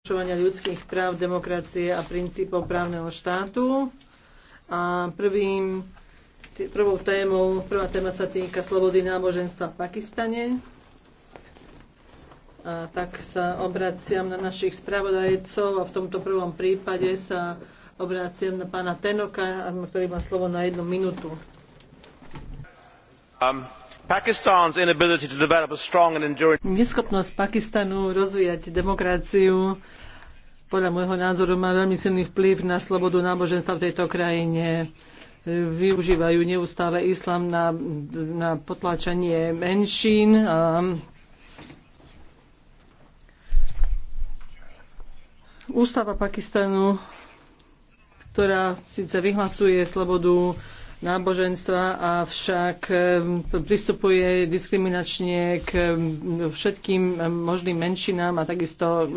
porušovania ľudských práv, demokracie a princípov právneho štátu. A prvým, prvou témou, prvá téma sa týka slobody náboženstva v Pakistane. A tak sa obraciam na našich spravodajcov a v tomto prvom prípade sa obraciam na pána Tenoka, ktorý má slovo na jednu minútu. Um, Neschopnosť Pakistanu rozvíjať demokraciu podľa môjho názoru má veľmi silný vplyv na slobodu náboženstva v tejto krajine. Využívajú neustále islam na, na potláčanie menšín. A Ústava Pakistanu, ktorá síce vyhlasuje slobodu náboženstva, avšak ehm, pristupuje diskriminačne k ehm, všetkým ehm, možným menšinám a takisto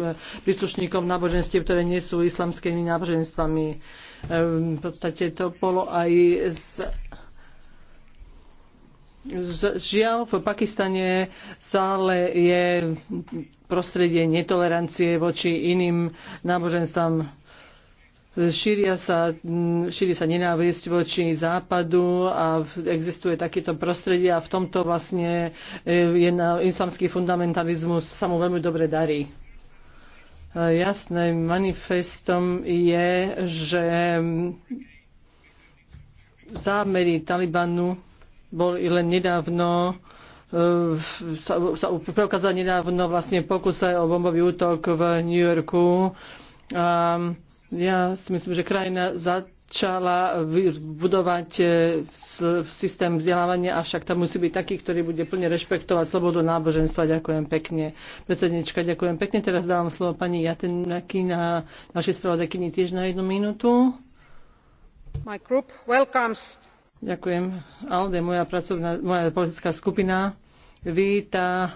príslušníkom náboženstiev, ktoré nie sú islamskými náboženstvami. V podstate to bolo aj z Žiaľ, v Pakistane stále je prostredie netolerancie voči iným náboženstvám Šíria sa, šíri sa nenávisť voči západu a existuje takéto prostredie a v tomto vlastne e, je na islamský fundamentalizmus sa mu veľmi dobre darí. E, Jasným manifestom je, že zámery Talibanu boli len nedávno e, sa, sa preukázal nedávno vlastne pokuse o bombový útok v New Yorku. Um, ja si myslím, že krajina začala budovať e, systém vzdelávania, avšak tam musí byť taký, ktorý bude plne rešpektovať slobodu náboženstva. Ďakujem pekne. Predsednička, ďakujem pekne. Teraz dávam slovo pani Jatenaky na našej spravodajkyni tiež na jednu minútu. My group welcomes. Ďakujem. Alde, moja, pracovná, moja politická skupina víta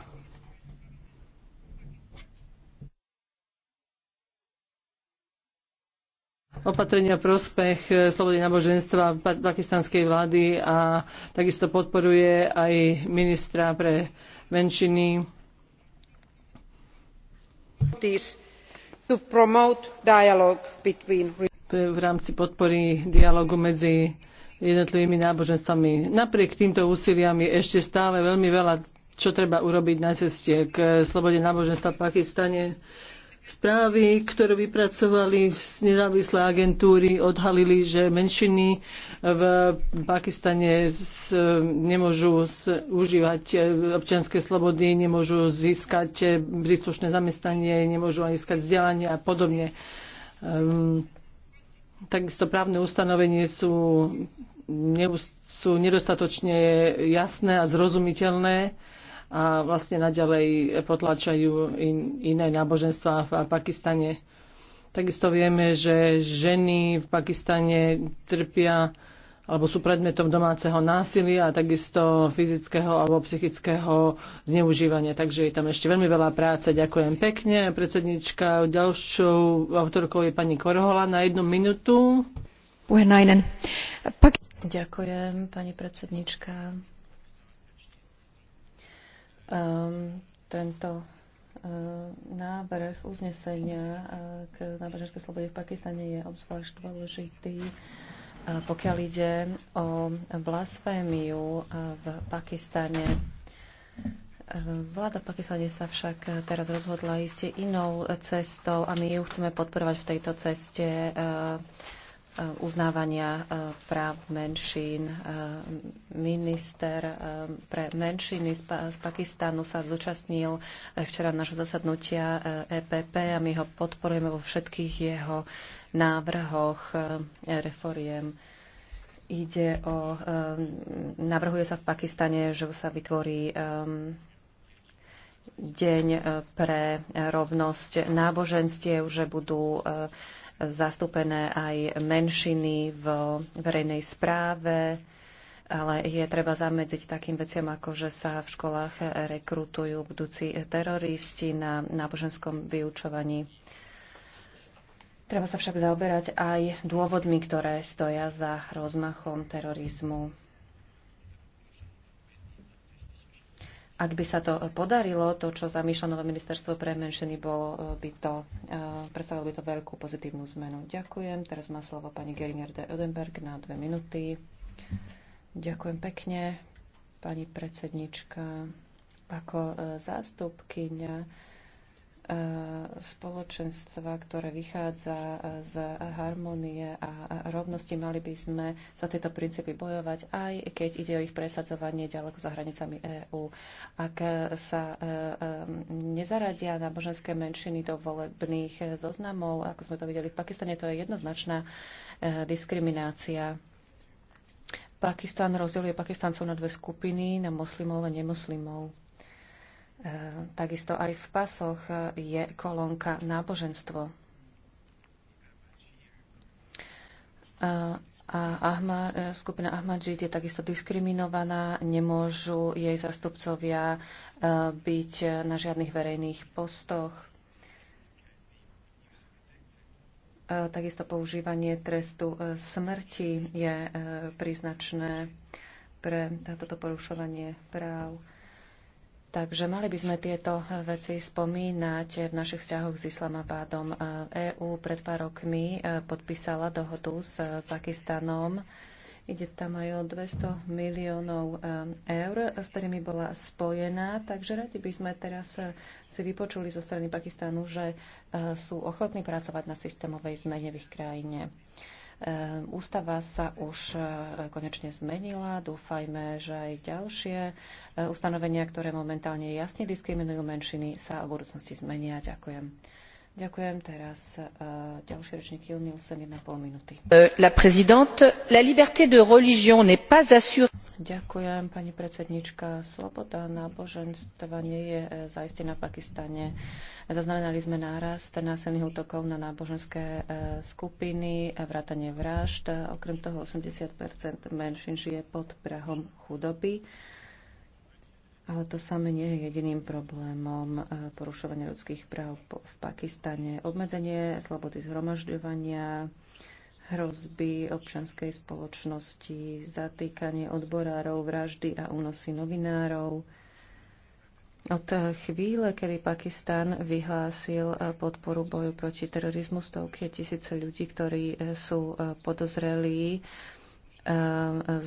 opatrenia prospech e, slobody náboženstva pakistanskej vlády a takisto podporuje aj ministra pre menšiny. v rámci podpory dialogu medzi jednotlivými náboženstvami. Napriek týmto úsiliam je ešte stále veľmi veľa, čo treba urobiť na ceste k slobode náboženstva v Pakistane Správy, ktoré vypracovali nezávislé agentúry, odhalili, že menšiny v Pakistane nemôžu užívať e, občianske slobody, nemôžu získať e, príslušné zamestnanie, nemôžu ani získať vzdelanie a podobne. Ehm, takisto právne ustanovenie sú, sú nedostatočne jasné a zrozumiteľné a vlastne naďalej potlačajú in, iné náboženstva v Pakistane. Takisto vieme, že ženy v Pakistane trpia alebo sú predmetom domáceho násilia a takisto fyzického alebo psychického zneužívania. Takže je tam ešte veľmi veľa práce. Ďakujem pekne. Predsednička, ďalšou autorkou je pani Korhola na jednu minútu. Ďakujem, pani predsednička um, tento ehm, návrh uznesenia eh, k náboženskej slobode v Pakistane je obzvlášť dôležitý, pokiaľ ide o blasfémiu eh, v Pakistane. Ehm, vláda v Pakistane sa však teraz rozhodla ísť inou cestou a my ju chceme podporovať v tejto ceste eh, uznávania e, práv menšín. E, minister e, pre menšiny z Pakistanu sa zúčastnil včera nášho zasadnutia EPP a my ho podporujeme vo všetkých jeho návrhoch reforiem. Ide o, navrhuje sa v Pakistane, že sa vytvorí deň pre rovnosť náboženstiev, že budú zastúpené aj menšiny v verejnej správe, ale je treba zamedziť takým veciam, ako že sa v školách rekrutujú budúci teroristi na náboženskom vyučovaní. Treba sa však zaoberať aj dôvodmi, ktoré stoja za rozmachom terorizmu. Ak by sa to podarilo, to, čo zamýšľa nové ministerstvo pre menšiny, bolo eh, by to, eh, predstavilo by to veľkú pozitívnu zmenu. Ďakujem. Teraz má slovo pani Geringer de Odenberg na dve minúty. Ďakujem pekne, pani predsednička. Ako eh, zástupkyňa E, spoločenstva, ktoré vychádza e, z harmonie a rovnosti, mali by sme za tieto princípy bojovať, aj keď ide o ich presadzovanie ďaleko za hranicami EÚ. Ak sa e, nezaradia náboženské menšiny do volebných zoznamov, ako sme to videli v Pakistane, to je jednoznačná diskriminácia. Pakistan rozdeluje Pakistancov na dve skupiny, na moslimov a nemuslimov E, takisto aj v pasoch je kolónka náboženstvo. A Ahma, e, skupina Ahmadžid je takisto diskriminovaná, nemôžu jej zastupcovia e, byť na žiadnych verejných postoch. Takisto používanie trestu smrti je príznačné pre toto porušovanie práv. Takže mali by sme tieto veci spomínať v našich vzťahoch s Islamabádom. EÚ e pred pár rokmi e, podpísala dohodu s e, Pakistanom. Ide tam aj o 200 miliónov eur, s ktorými bola spojená. Takže radi by sme teraz si vypočuli zo strany Pakistanu, že sú ochotní pracovať na systémovej zmene v ich krajine. Ehm, ústava sa už e, konečne zmenila. Dúfajme, že aj ďalšie e, ustanovenia, ktoré momentálne jasne diskriminujú menšiny, sa v budúcnosti zmenia. Ďakujem. Ďakujem. Teraz e, ďalší rečník Jill Nielsen, pol minúty. La la liberté de religion n'est pas assurée. Ďakujem, pani predsednička. Sloboda náboženstva nie je zaistená v Pakistane Zaznamenali sme nárast násilných útokov na náboženské e, skupiny, vrátanie vražd. Okrem toho 80 menšin žije pod prahom chudoby. Ale to samé nie je jediným problémom e, porušovania ľudských práv v Pakistane. Obmedzenie slobody zhromažďovania, hrozby občanskej spoločnosti, zatýkanie odborárov, vraždy a únosy novinárov, od chvíle, kedy Pakistan vyhlásil eh, podporu boju proti terorizmu, stovky tisíce ľudí, ktorí eh, sú eh, podozrelí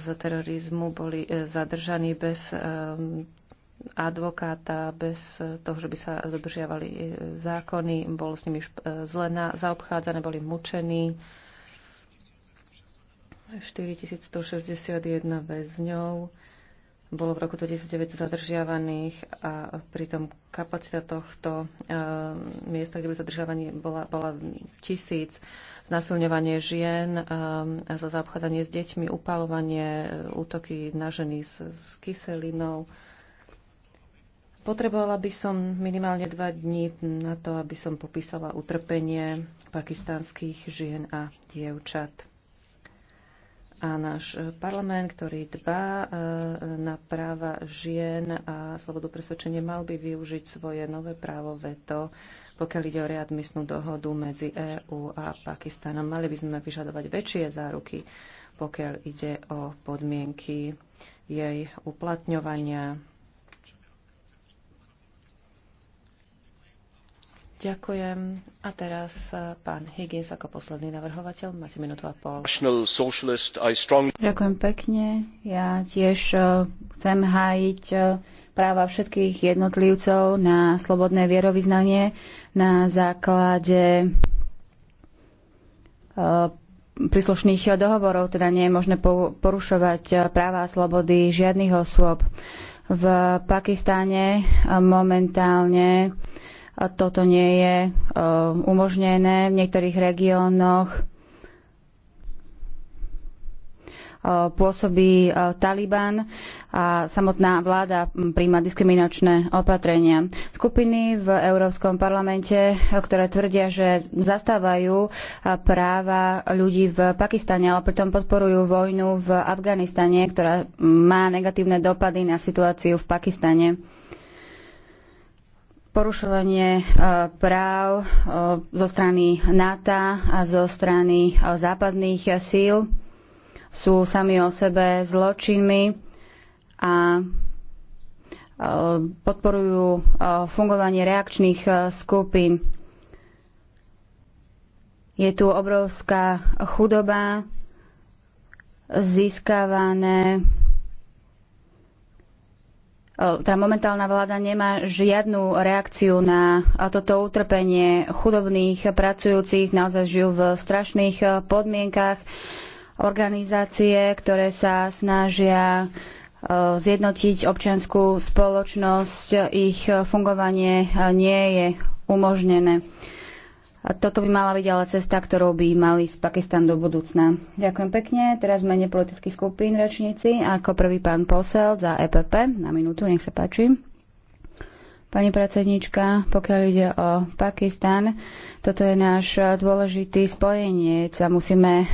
z terorizmu, boli zadržaní bez advokáta, bez toho, že by sa dodržiavali zákony, bol s nimi zle zaobchádzané, boli mučení. 4161 väzňov bolo v roku 2009 zadržiavaných a pritom kapacita tohto eh, miesta, kde boli zadržiavaní, bola, bola tisíc. Znasilňovanie žien, eh, za zaobchádzanie s deťmi, upalovanie, eh, útoky na ženy s, s kyselinou. Potrebovala by som minimálne dva dní na to, aby som popísala utrpenie pakistánskych žien a dievčat a náš e, parlament, ktorý dbá e, na práva žien a slobodu presvedčenia, mal by využiť svoje nové právo veto, pokiaľ ide o readmisnú dohodu medzi EÚ a Pakistanom. Mali by sme vyžadovať väčšie záruky, pokiaľ ide o podmienky jej uplatňovania Ďakujem. A teraz e, pán Higgins ako posledný navrhovateľ. Máte minútu a pol. Ďakujem pekne. Ja tiež e, chcem hájiť e, práva všetkých jednotlivcov na slobodné vierovýznanie na základe príslušných dohovorov, teda nie je možné porušovať práva a slobody žiadnych osôb. V Pakistáne momentálne toto nie je e, umožnené v niektorých regiónoch. E, pôsobí e, Taliban a samotná vláda príjma diskriminačné opatrenia. Skupiny v Európskom parlamente, ktoré tvrdia, že zastávajú práva ľudí v Pakistane, ale pritom podporujú vojnu v Afganistane, ktorá má negatívne dopady na situáciu v Pakistane porušovanie e, práv e, zo strany NATO a zo strany e, západných síl sú sami o sebe zločinmi a podporujú fungovanie reakčných skupín. Je tu obrovská chudoba, získavané tá teda momentálna vláda nemá žiadnu reakciu na toto utrpenie chudobných pracujúcich, naozaj žijú v strašných eh, podmienkach. Organizácie, ktoré sa snažia eh, zjednotiť občianskú spoločnosť, ich fungovanie eh, nie je umožnené. A toto by mala byť ale cesta, ktorou by mali z Pakistan do budúcna. Ďakujem pekne. Teraz mene politických skupín rečníci. Ako prvý pán Posel za EPP. Na minútu, nech sa páči. Pani predsednička, pokiaľ ide o Pakistan, toto je náš dôležitý spojeniec a musíme eh,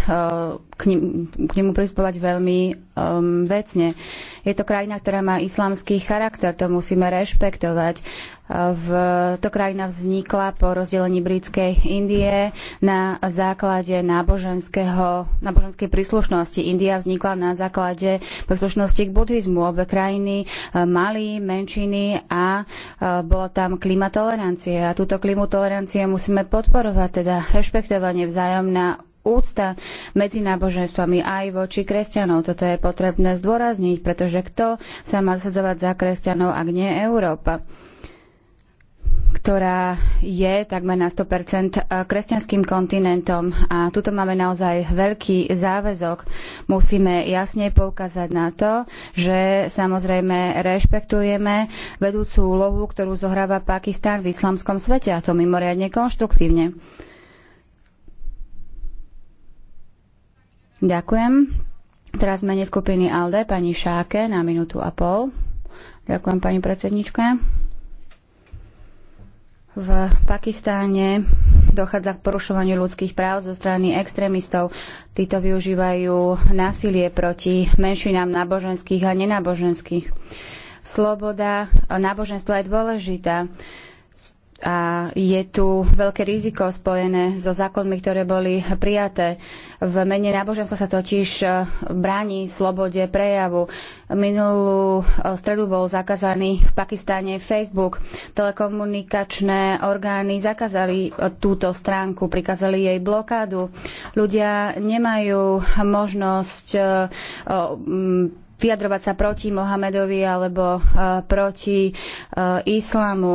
k, ním, k nemu pristupovať veľmi um, vecne. Je to krajina, ktorá má islamský charakter, to musíme rešpektovať. V, to krajina vznikla po rozdelení britskej Indie na základe náboženského, náboženskej príslušnosti. India vznikla na základe príslušnosti k buddhizmu. Obe krajiny e, mali menšiny a e, bolo tam klima tolerancie. A túto klimu tolerancie musíme podporovať, teda rešpektovanie vzájomná úcta medzi náboženstvami aj voči kresťanov. Toto je potrebné zdôrazniť, pretože kto sa má sadzovať za kresťanov, ak nie Európa? ktorá je takmer na 100% eh, kresťanským kontinentom a tuto máme naozaj veľký záväzok. Musíme jasne poukázať na to, že samozrejme rešpektujeme vedúcu úlohu, ktorú zohráva Pakistan v islamskom svete a to mimoriadne konštruktívne. Ďakujem. Teraz mene skupiny ALDE, pani Šáke, na minútu a pol. Ďakujem, pani predsednička. V Pakistáne dochádza k porušovaniu ľudských práv zo strany extrémistov. Títo využívajú násilie proti menšinám náboženských a nenáboženských. Sloboda náboženstva je dôležitá a je tu veľké riziko spojené so zákonmi, ktoré boli prijaté. V mene náboženstva sa totiž e, bráni slobode prejavu. Minulú e, stredu bol zakázaný v Pakistáne Facebook. Telekomunikačné orgány zakázali e, túto stránku, prikázali jej blokádu. Ľudia nemajú možnosť vyjadrovať sa proti Mohamedovi alebo proti islámu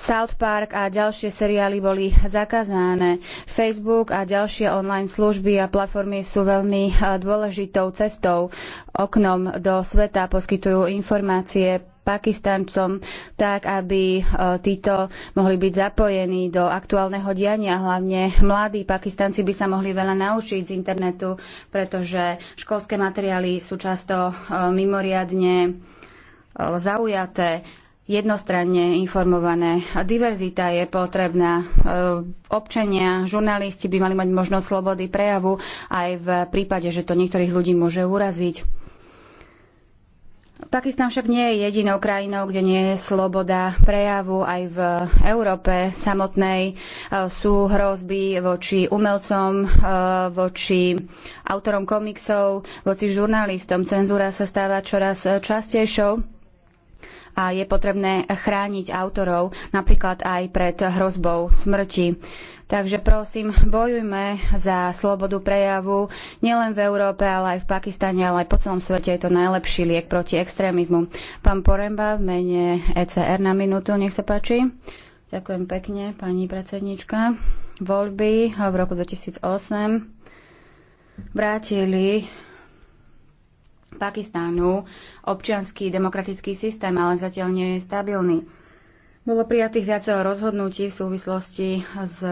South Park a ďalšie seriály boli zakázané. Facebook a ďalšie online služby a platformy sú veľmi e, dôležitou cestou, oknom do sveta, poskytujú informácie Pakistancom, tak aby e, títo mohli byť zapojení do aktuálneho diania. Hlavne mladí Pakistanci by sa mohli veľa naučiť z internetu, pretože školské materiály sú často e, mimoriadne zaujaté jednostranne informované. Diverzita je potrebná. E, občania, žurnalisti by mali mať možnosť slobody prejavu aj v prípade, že to niektorých ľudí môže uraziť. Pakistan však nie je jedinou krajinou, kde nie je sloboda prejavu. Aj v Európe samotnej e, sú hrozby voči umelcom, e, voči autorom komiksov, voči žurnalistom. Cenzúra sa stáva čoraz častejšou a je potrebné chrániť autorov napríklad aj pred hrozbou smrti. Takže prosím, bojujme za slobodu prejavu nielen v Európe, ale aj v Pakistane, ale aj po celom svete je to najlepší liek proti extrémizmu. Pán Poremba v mene ECR na minútu, nech sa páči. Ďakujem pekne, pani predsednička. Voľby v roku 2008 vrátili Pakistánu občianský demokratický systém, ale zatiaľ nie je stabilný. Bolo prijatých viacero rozhodnutí v súvislosti s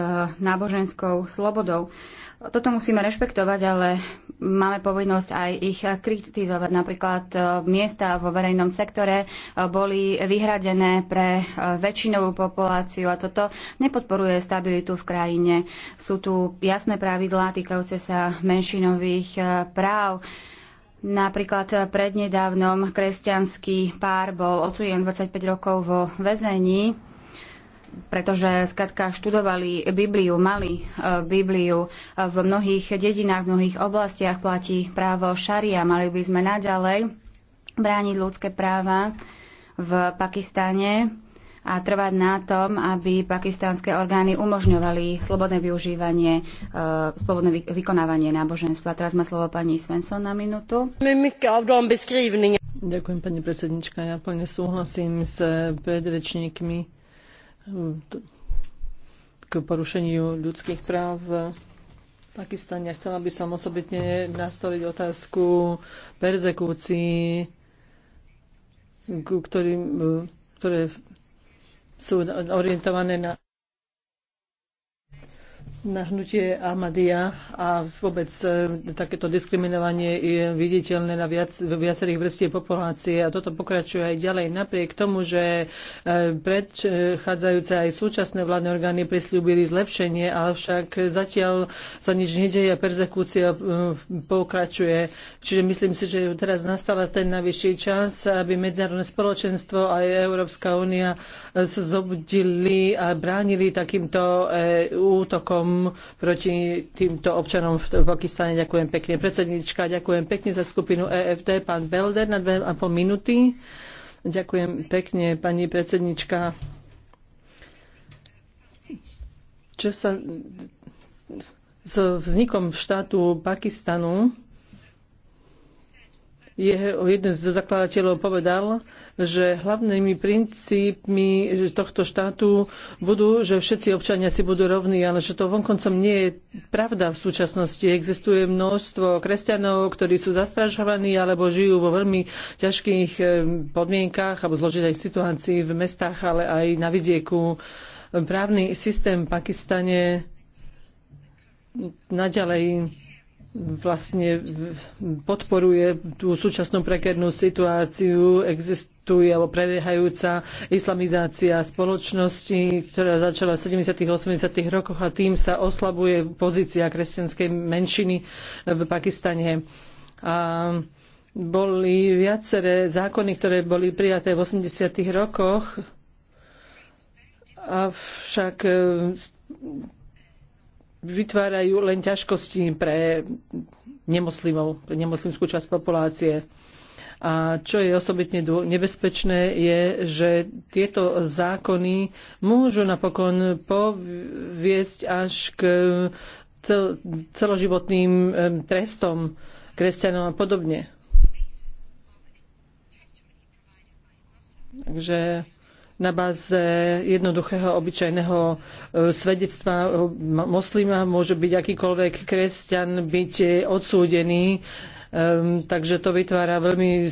náboženskou slobodou. Toto musíme rešpektovať, ale máme povinnosť aj ich kritizovať. Napríklad e, miesta vo verejnom sektore e, boli vyhradené pre e, väčšinovú populáciu a toto nepodporuje stabilitu v krajine. Sú tu jasné pravidlá týkajúce sa menšinových práv. Napríklad prednedávnom kresťanský pár bol odsúden 25 rokov vo väzení, pretože skratka študovali Bibliu, mali e, Bibliu. V mnohých dedinách, v mnohých oblastiach platí právo šaria. Mali by sme naďalej brániť ľudské práva v Pakistane a trvať na tom, aby pakistánske orgány umožňovali slobodné využívanie, uh, slobodné vykonávanie náboženstva. Teraz má slovo pani Svensson na minútu. Ďakujem, pani predsednička. Ja plne súhlasím s e, predrečníkmi e, k porušeniu ľudských práv v Pakistane. Chcela by som osobitne nastoliť otázku perzekúcií, ktorým, ktoré sú orientované na na hnutie Ahmadia a vôbec e, takéto diskriminovanie je viditeľné na viac, viacerých vrstiev populácie a toto pokračuje aj ďalej napriek tomu, že e, predchádzajúce aj súčasné vládne orgány prislúbili zlepšenie, avšak zatiaľ sa nič nedeje a perzekúcia e, pokračuje. Čiže myslím si, že teraz nastala ten najvyšší čas, aby medzinárodné spoločenstvo a Európska únia sa zobudili a bránili takýmto útokom útokom proti týmto občanom v Pakistane. Ďakujem pekne. Predsednička, ďakujem pekne za skupinu EFT, Pán Belder na dve a pol minúty. Ďakujem pekne, pani predsednička. Čo sa s vznikom štátu Pakistanu jeho, jeden z zakladateľov povedal, že hlavnými princípmi tohto štátu budú, že všetci občania si budú rovní, ale že to vonkoncom nie je pravda v súčasnosti. Existuje množstvo kresťanov, ktorí sú zastražovaní alebo žijú vo veľmi ťažkých eh, podmienkách alebo zložitej situácii v mestách, ale aj na vidieku. Právny systém v Pakistane naďalej vlastne podporuje tú súčasnú prekernú situáciu, existuje alebo prebiehajúca islamizácia spoločnosti, ktorá začala v 70. a 80. rokoch a tým sa oslabuje pozícia kresťanskej menšiny v Pakistane. A boli viaceré zákony, ktoré boli prijaté v 80. rokoch, avšak vytvárajú len ťažkosti pre nemoslimov, pre nemoslimskú časť populácie. A čo je osobitne nebezpečné, je, že tieto zákony môžu napokon poviesť až k celoživotným trestom kresťanov a podobne. Takže na báze jednoduchého obyčajného e, svedectva moslima môže byť akýkoľvek kresťan byť e, odsúdený Um, takže to vytvára veľmi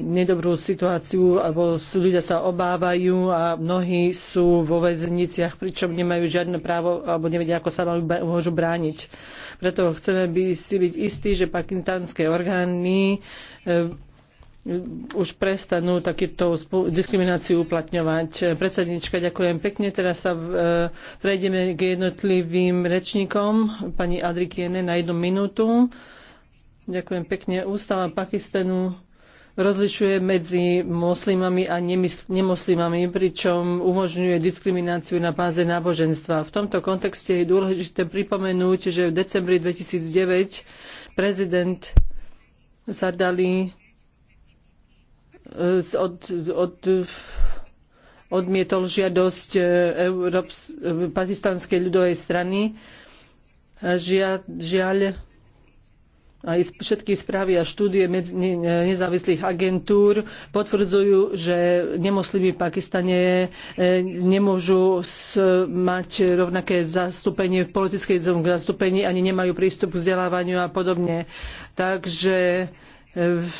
nedobrú situáciu, alebo sú, ľudia sa obávajú a mnohí sú vo väzniciach, pričom nemajú žiadne právo alebo nevedia, ako sa mali môžu brániť. Preto chceme by si byť istí, že pakistanské orgány um, už prestanú takýto diskrimináciu uplatňovať. Predsednička, ďakujem pekne. Teraz sa e, prejdeme k jednotlivým rečníkom. Pani Adrikiene na jednu minútu. Ďakujem pekne. Ústava Pakistanu rozlišuje medzi moslimami a nemoslimami, pričom umožňuje diskrimináciu na páze náboženstva. V tomto kontexte je dôležité pripomenúť, že v decembri 2009 prezident Sardali od, od, odmietol žiadosť e, Európs- e, pakistanskej ľudovej strany. Žia, žiaľ, aj všetky správy a štúdie medzi nezávislých agentúr potvrdzujú, že nemoslimi v Pakistane e, nemôžu mať rovnaké zastúpenie v politickej zastúpení, ani nemajú prístup k vzdelávaniu a podobne. Takže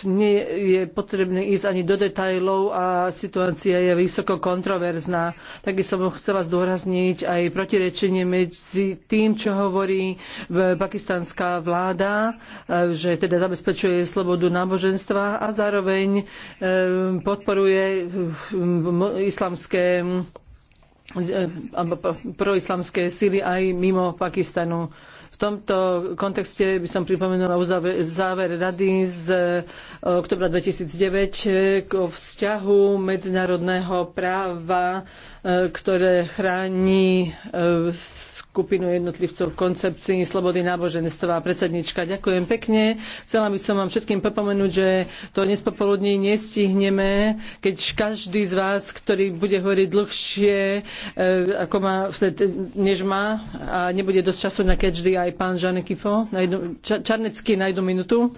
nie je potrebné ísť ani do detajlov a situácia je vysoko kontroverzná. Taky som chcela zdôrazniť aj protirečenie medzi tým, čo hovorí e, pakistanská vláda, e, že teda zabezpečuje slobodu náboženstva a zároveň e, podporuje islamské proislamské síly aj mimo Pakistanu. V tomto kontexte by som pripomenula záver rady z e, oktobra 2009 e, o vzťahu medzinárodného práva, e, ktoré chráni skupinu jednotlivcov v koncepcii slobody náboženstva. Predsednička, ďakujem pekne. Chcela by som vám všetkým pripomenúť, že to dnes popoludní nestihneme, keď každý z vás, ktorý bude hovoriť dlhšie, e, ako má, než má a nebude dosť času na každý aj pán Žanekifo, na jednu, Čarnecký na jednu minútu.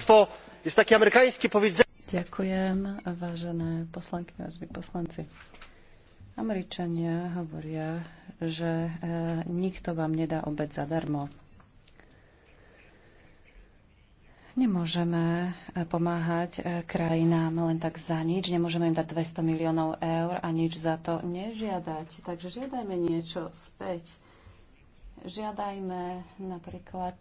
Ďakujem, vážené poslanky, vážení poslanci. Američania hovoria, že e, nikto vám nedá obed zadarmo. Nemôžeme e, pomáhať e, krajinám len tak za nič, nemôžeme im dať 200 miliónov eur a nič za to nežiadať. Takže žiadajme niečo späť. Žiadajme napríklad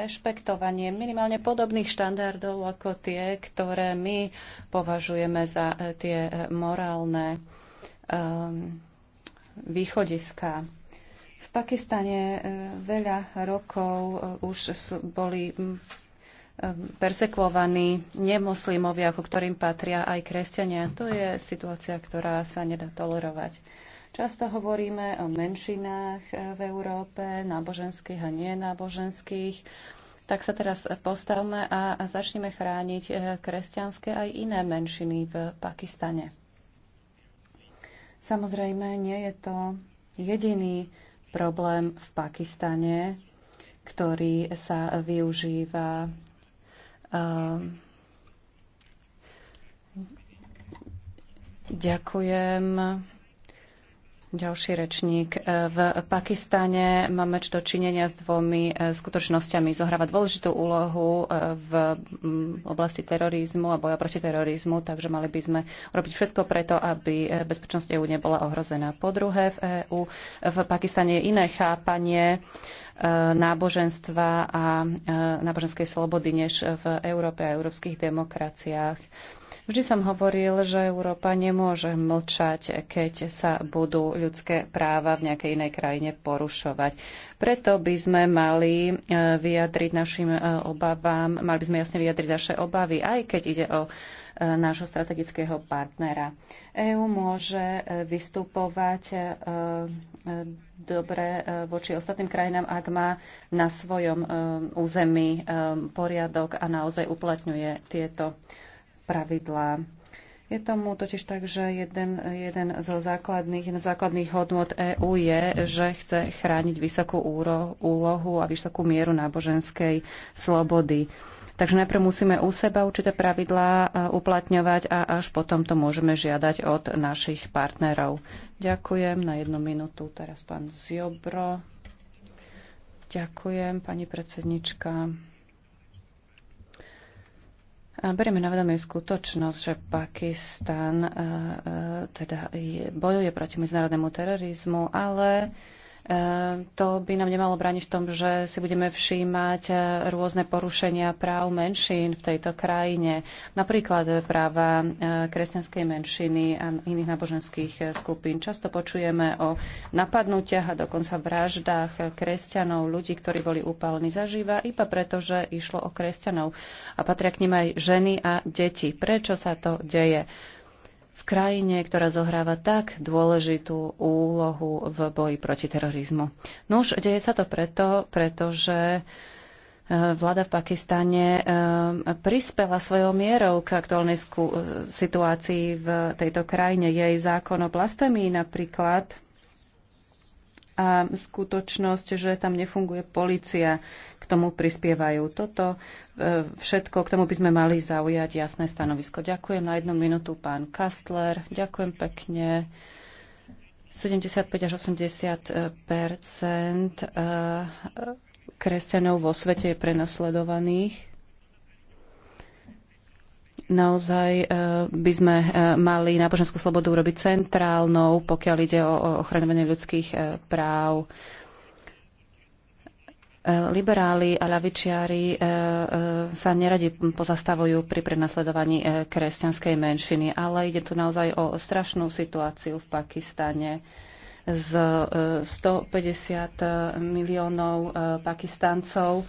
rešpektovanie minimálne podobných štandardov ako tie, ktoré my považujeme za tie morálne um, východiska. V Pakistane uh, veľa rokov uh, už sú, boli um, um, persekvovaní nemuslimovia, ako ktorým patria aj kresťania. To je situácia, ktorá sa nedá tolerovať. Často hovoríme o menšinách uh, v Európe, náboženských a nenáboženských. Tak sa teraz postavme a začneme chrániť kresťanské aj iné menšiny v Pakistane. Samozrejme, nie je to jediný problém v Pakistane, ktorý sa využíva um, Ďakujem. Ďalší rečník. E, v Pakistane máme čo dočinenia s dvomi e, skutočnosťami. Zohráva dôležitú úlohu e, v mm, oblasti terorizmu a boja proti terorizmu, takže mali by sme robiť všetko preto, aby bezpečnosť EÚ nebola ohrozená. Po druhé, v EÚ v Pakistane je iné chápanie náboženstva a náboženskej slobody než v Európe a európskych demokraciách Vždy som hovoril, že Európa nemôže mlčať, keď sa budú ľudské práva v nejakej inej krajine porušovať. Preto by sme mali e, vyjadriť našim e, obavám, mali by sme jasne vyjadriť naše obavy, aj keď ide o e, nášho strategického partnera. EÚ môže vystupovať dobre voči ostatným krajinám, ak má na svojom území poriadok a naozaj uplatňuje tieto pravidlá. Je tomu totiž tak, že jeden, jeden zo základných, jeden z základných hodnot EÚ je, že chce chrániť vysokú úro, úlohu a vysokú mieru náboženskej slobody. Takže najprv musíme u seba určité pravidlá e, uplatňovať a až potom to môžeme žiadať od našich partnerov. Ďakujem. Na jednu minútu teraz pán Ziobro. Ďakujem, pani predsednička. Berieme na vedomie skutočnosť, že Pakistan eh, eh, teda bojuje proti medzinárodnému terorizmu, ale Eh, to by nám nemalo brániť v tom, že si budeme všímať eh, rôzne porušenia práv menšín v tejto krajine. Napríklad práva eh, kresťanskej menšiny a iných náboženských skupín. Často počujeme o napadnutiach a dokonca vraždách kresťanov, ľudí, ktorí boli upálení zažíva, iba preto, že išlo o kresťanov. A patria k nim aj ženy a deti. Prečo sa to deje? v krajine, ktorá zohráva tak dôležitú úlohu v boji proti terorizmu. No už deje sa to preto, pretože e, vláda v Pakistane e, prispela svojou mierou k aktuálnej e, situácii v tejto krajine. Jej zákon o blasfémii napríklad a skutočnosť, že tam nefunguje policia, k tomu prispievajú. Toto e, všetko, k tomu by sme mali zaujať jasné stanovisko. Ďakujem na jednu minútu pán Kastler, ďakujem pekne. 75 až 80 e, e, kresťanov vo svete je prenasledovaných Naozaj e, by sme e, mali náboženskú slobodu urobiť centrálnou, pokiaľ ide o ochraňovanie ľudských e, práv. Liberáli a ľavičiari sa neradi pozastavujú pri prenasledovaní kresťanskej menšiny, ale ide tu naozaj o strašnú situáciu v Pakistane z 150 miliónov Pakistancov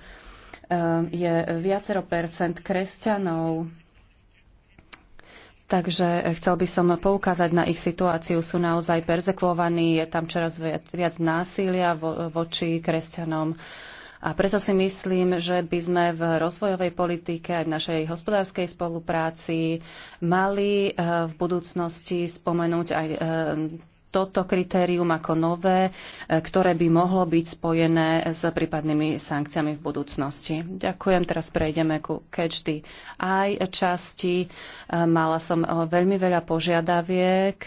je viacero percent kresťanov, Takže eh, chcel by som poukázať na ich situáciu. Sú naozaj perzekvovaní, je tam čoraz viac násilia vo, voči kresťanom. A preto si myslím, že by sme v rozvojovej politike aj v našej hospodárskej spolupráci mali eh, v budúcnosti spomenúť aj eh, toto kritérium ako nové, e, ktoré by mohlo byť spojené s prípadnými sankciami v budúcnosti. Ďakujem, teraz prejdeme ku Catch the Eye časti. E, mala som e, veľmi veľa požiadaviek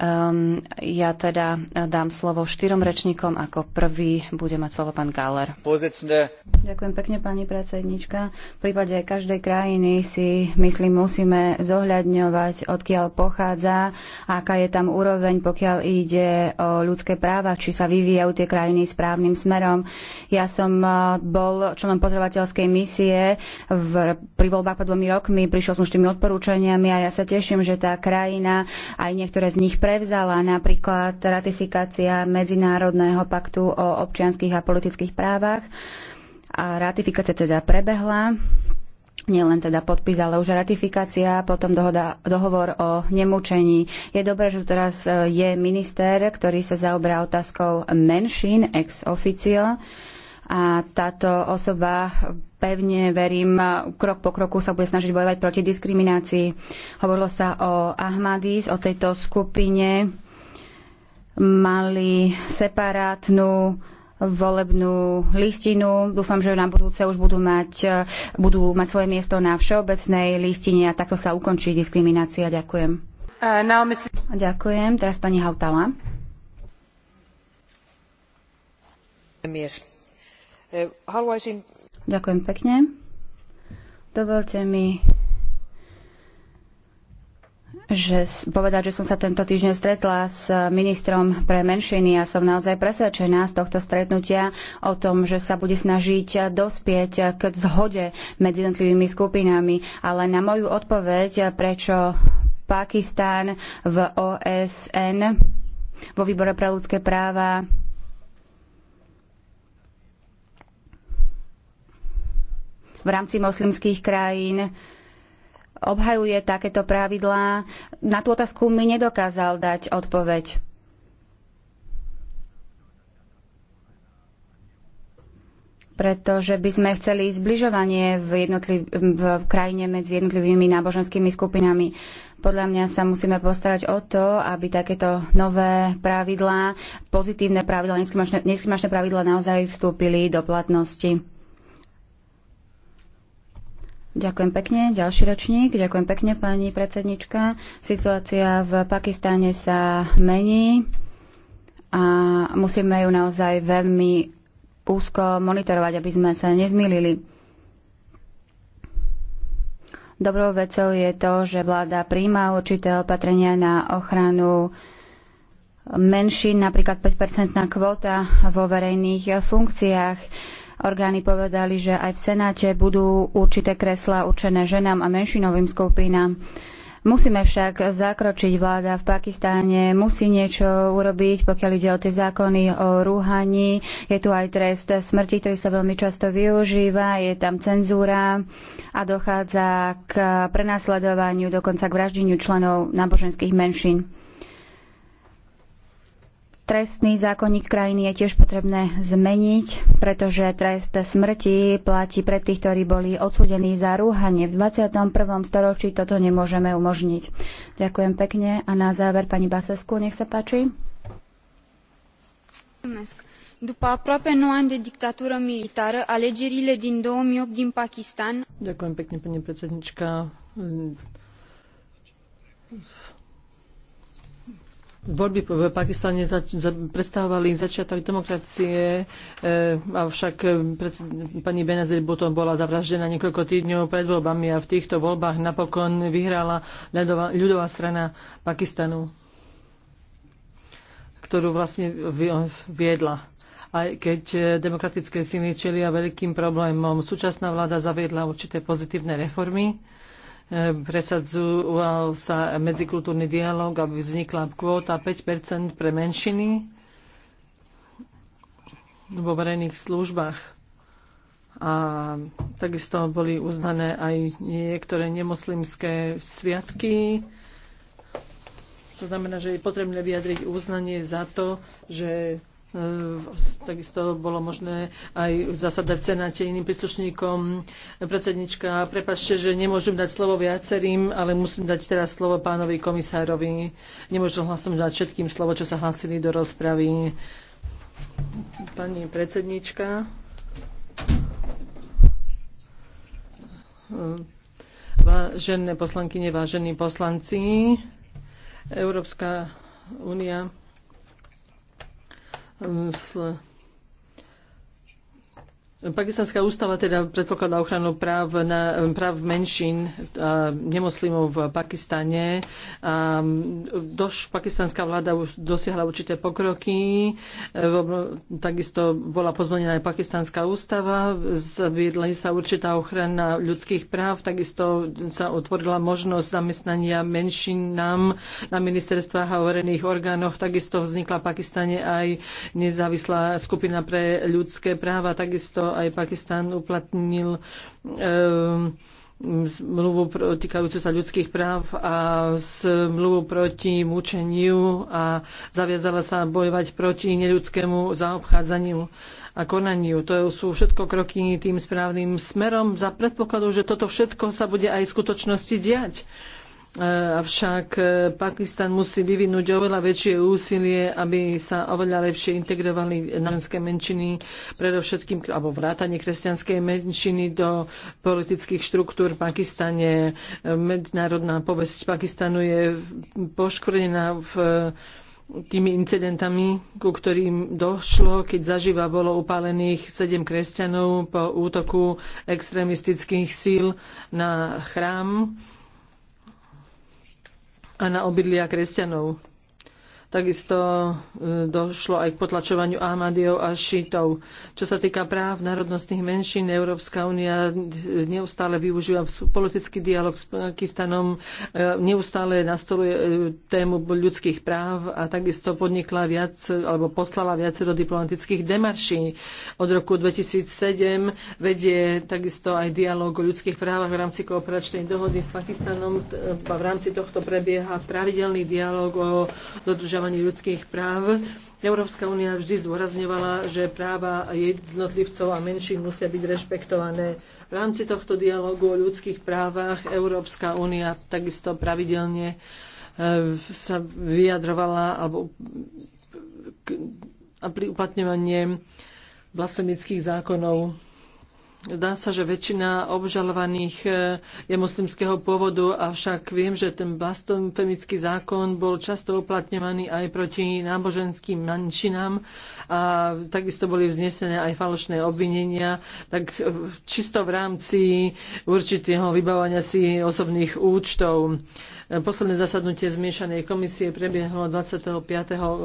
Um, ja teda dám slovo štyrom rečníkom. Ako prvý bude mať slovo pán Galer. Ďakujem pekne, pani predsednička. V prípade každej krajiny si, myslím, musíme zohľadňovať, odkiaľ pochádza, aká je tam úroveň, pokiaľ ide o ľudské práva, či sa vyvíjajú tie krajiny správnym smerom. Ja som eh, bol členom pozorovateľskej misie v, pri voľbách pred dvomi rokmi, prišiel som s tými odporúčaniami a ja sa teším, že tá krajina aj niektoré z nich prevzala napríklad ratifikácia Medzinárodného paktu o občianských a politických právach. A ratifikácia teda prebehla, nielen teda podpis, ale už ratifikácia, potom dohoda, dohovor o nemúčení. Je dobré, že teraz e, je minister, ktorý sa zaoberá otázkou menšín ex officio a táto osoba pevne verím, krok po kroku sa bude snažiť bojovať proti diskriminácii. Hovorilo sa o Ahmadis, o tejto skupine. Mali separátnu volebnú listinu. Dúfam, že na budúce už budú mať, budú mať svoje miesto na všeobecnej listine a takto sa ukončí diskriminácia. Ďakujem. Uh, Ďakujem. Teraz pani Hautala. Eh, haluaisin Ďakujem pekne. Dovolte mi že povedať, že som sa tento týždeň stretla s ministrom pre menšiny a som naozaj presvedčená z tohto stretnutia o tom, že sa bude snažiť dospieť k zhode medzi jednotlivými skupinami. Ale na moju odpoveď, prečo Pakistan v OSN vo výbore pre ľudské práva v rámci moslimských krajín obhajuje takéto pravidlá. Na tú otázku mi nedokázal dať odpoveď. pretože by sme chceli zbližovanie v, jednotliv- v krajine medzi jednotlivými náboženskými skupinami. Podľa mňa sa musíme postarať o to, aby takéto nové pravidlá, pozitívne pravidlá, neskrimačné pravidlá naozaj vstúpili do platnosti. Ďakujem pekne. Ďalší ročník. Ďakujem pekne, pani predsednička. Situácia v Pakistáne sa mení a musíme ju naozaj veľmi úzko monitorovať, aby sme sa nezmýlili. Dobrou vecou je to, že vláda príjma určité opatrenia na ochranu menšín, napríklad 5-percentná kvóta vo verejných funkciách Orgány povedali, že aj v Senáte budú určité kreslá určené ženám a menšinovým skupinám. Musíme však zakročiť vláda v Pakistáne, musí niečo urobiť, pokiaľ ide o tie zákony o rúhaní. Je tu aj trest smrti, ktorý sa veľmi často využíva, je tam cenzúra a dochádza k prenasledovaniu, dokonca k vraždeniu členov náboženských menšín. Trestný zákonník krajiny je tiež potrebné zmeniť, pretože trest smrti platí pre tých, ktorí boli odsudení za rúhanie. V 21. storočí toto nemôžeme umožniť. Ďakujem pekne a na záver pani Basesku, nech sa páči. După aproape 9 ani de dictatură militară, alegerile din 2008 din Pakistan... Ďakujem pekne, pani predsednička Voľby v Pakistane zač- za- predstavovali začiatok demokracie, e, avšak eh, pred, pani Benazir Bhutto bola zavraždená niekoľko týždňov pred voľbami a v týchto voľbách napokon vyhrala ľudová, ľudová strana Pakistanu, ktorú vlastne viedla aj keď eh, demokratické síly čelia veľkým problémom. Súčasná vláda zaviedla určité pozitívne reformy, Eh, presadzoval sa medzikultúrny dialog, aby vznikla kvóta 5 pre menšiny vo verejných službách. A takisto boli uznané aj niektoré nemoslimské sviatky. To znamená, že je potrebné vyjadriť uznanie za to, že E, takisto bolo možné aj zasadať v Senáte iným príslušníkom. Predsednička, prepačte, že nemôžem dať slovo viacerým, ale musím dať teraz slovo pánovi komisárovi. Nemôžem hlasom dať všetkým slovo, čo sa hlasili do rozpravy. Pani predsednička. E, vážené poslankyne, vážení poslanci, Európska únia Hm, s Pakistanská ústava teda predpokladá ochranu práv, na, práv menšín a nemoslimov v Pakistane. A doš, pakistanská vláda už dosiahla určité pokroky. Takisto bola pozmenená aj pakistanská ústava. Zaviedla sa určitá ochrana ľudských práv. Takisto sa otvorila možnosť zamestnania menšinám na ministerstvách a overených orgánoch. Takisto vznikla v Pakistane aj nezávislá skupina pre ľudské práva. Takisto aj Pakistan uplatnil ehm, zmluvu týkajúcu sa ľudských práv a zmluvu proti mučeniu a zaviazala sa bojovať proti neľudskému zaobchádzaniu a konaniu. To sú všetko kroky tým správnym smerom za predpokladu, že toto všetko sa bude aj v skutočnosti diať. E, avšak e, Pakistan musí vyvinúť oveľa väčšie úsilie, aby sa oveľa lepšie integrovali náboženské menšiny, predovšetkým alebo vrátanie kresťanskej menšiny do politických štruktúr v Pakistane. Medzinárodná povesť Pakistanu je poškvrnená v e, tými incidentami, ku ktorým došlo, keď zaživa bolo upálených sedem kresťanov po útoku extrémistických síl na chrám a na obydlia kresťanov. Takisto e, došlo aj k potlačovaniu Ahmadiov a Šítov. Čo sa týka práv národnostných menšín, Európska únia neustále využíva politický dialog s Pakistanom, e, neustále nastoluje e, tému ľudských práv a takisto podnikla viac, alebo poslala viacero diplomatických demarší. Od roku 2007 vedie takisto aj dialog o ľudských právach v rámci kooperačnej dohody s Pakistanom. V rámci tohto prebieha pravidelný dialog o dodržaní dodržiavaní ľudských práv. Európska únia vždy zdôrazňovala, že práva jednotlivcov a menších musia byť rešpektované. V rámci tohto dialogu o ľudských právach Európska únia takisto pravidelne e, sa vyjadrovala alebo a pri uplatňovanie blasfemických zákonov Dá sa, že väčšina obžalovaných eh, je moslimského pôvodu, avšak viem, že ten blasfemický zákon bol často uplatňovaný aj proti náboženským manšinám a takisto boli vznesené aj falošné obvinenia, tak eh, čisto v rámci určitého vybavania si osobných účtov. Posledné zasadnutie zmiešanej komisie prebiehlo 25.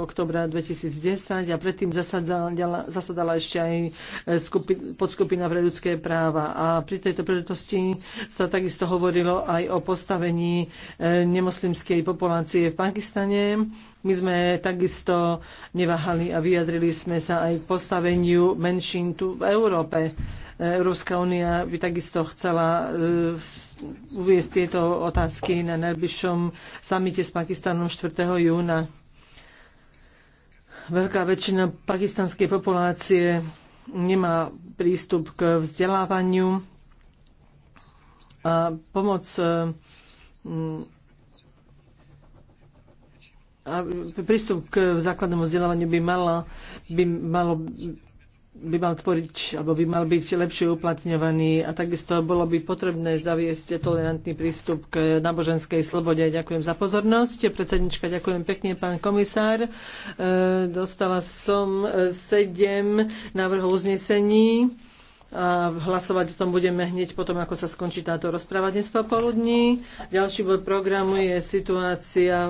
oktobra 2010 a predtým zasadala, zasadala ešte aj e, skupi, podskupina pre ľudské práva. A pri tejto príležitosti sa takisto hovorilo aj o postavení e, nemoslimskej populácie v Pakistane. My sme takisto neváhali a vyjadrili sme sa aj k postaveniu menšín tu v Európe. Európska únia by takisto chcela e, uviesť tieto otázky na najbližšom samite s Pakistanom 4. júna. Veľká väčšina pakistanskej populácie nemá prístup k vzdelávaniu a pomoc e, a prístup k základnému vzdelávaniu by, mala, by malo by mal tvoriť, alebo by mal byť lepšie uplatňovaný a takisto bolo by potrebné zaviesť tolerantný prístup k náboženskej slobode. Ďakujem za pozornosť. Predsednička, ďakujem pekne, pán komisár. E, dostala som sedem návrhov uznesení a hlasovať o tom budeme hneď potom, ako sa skončí táto rozpráva dnes popoludní. Ďalší bod programu je situácia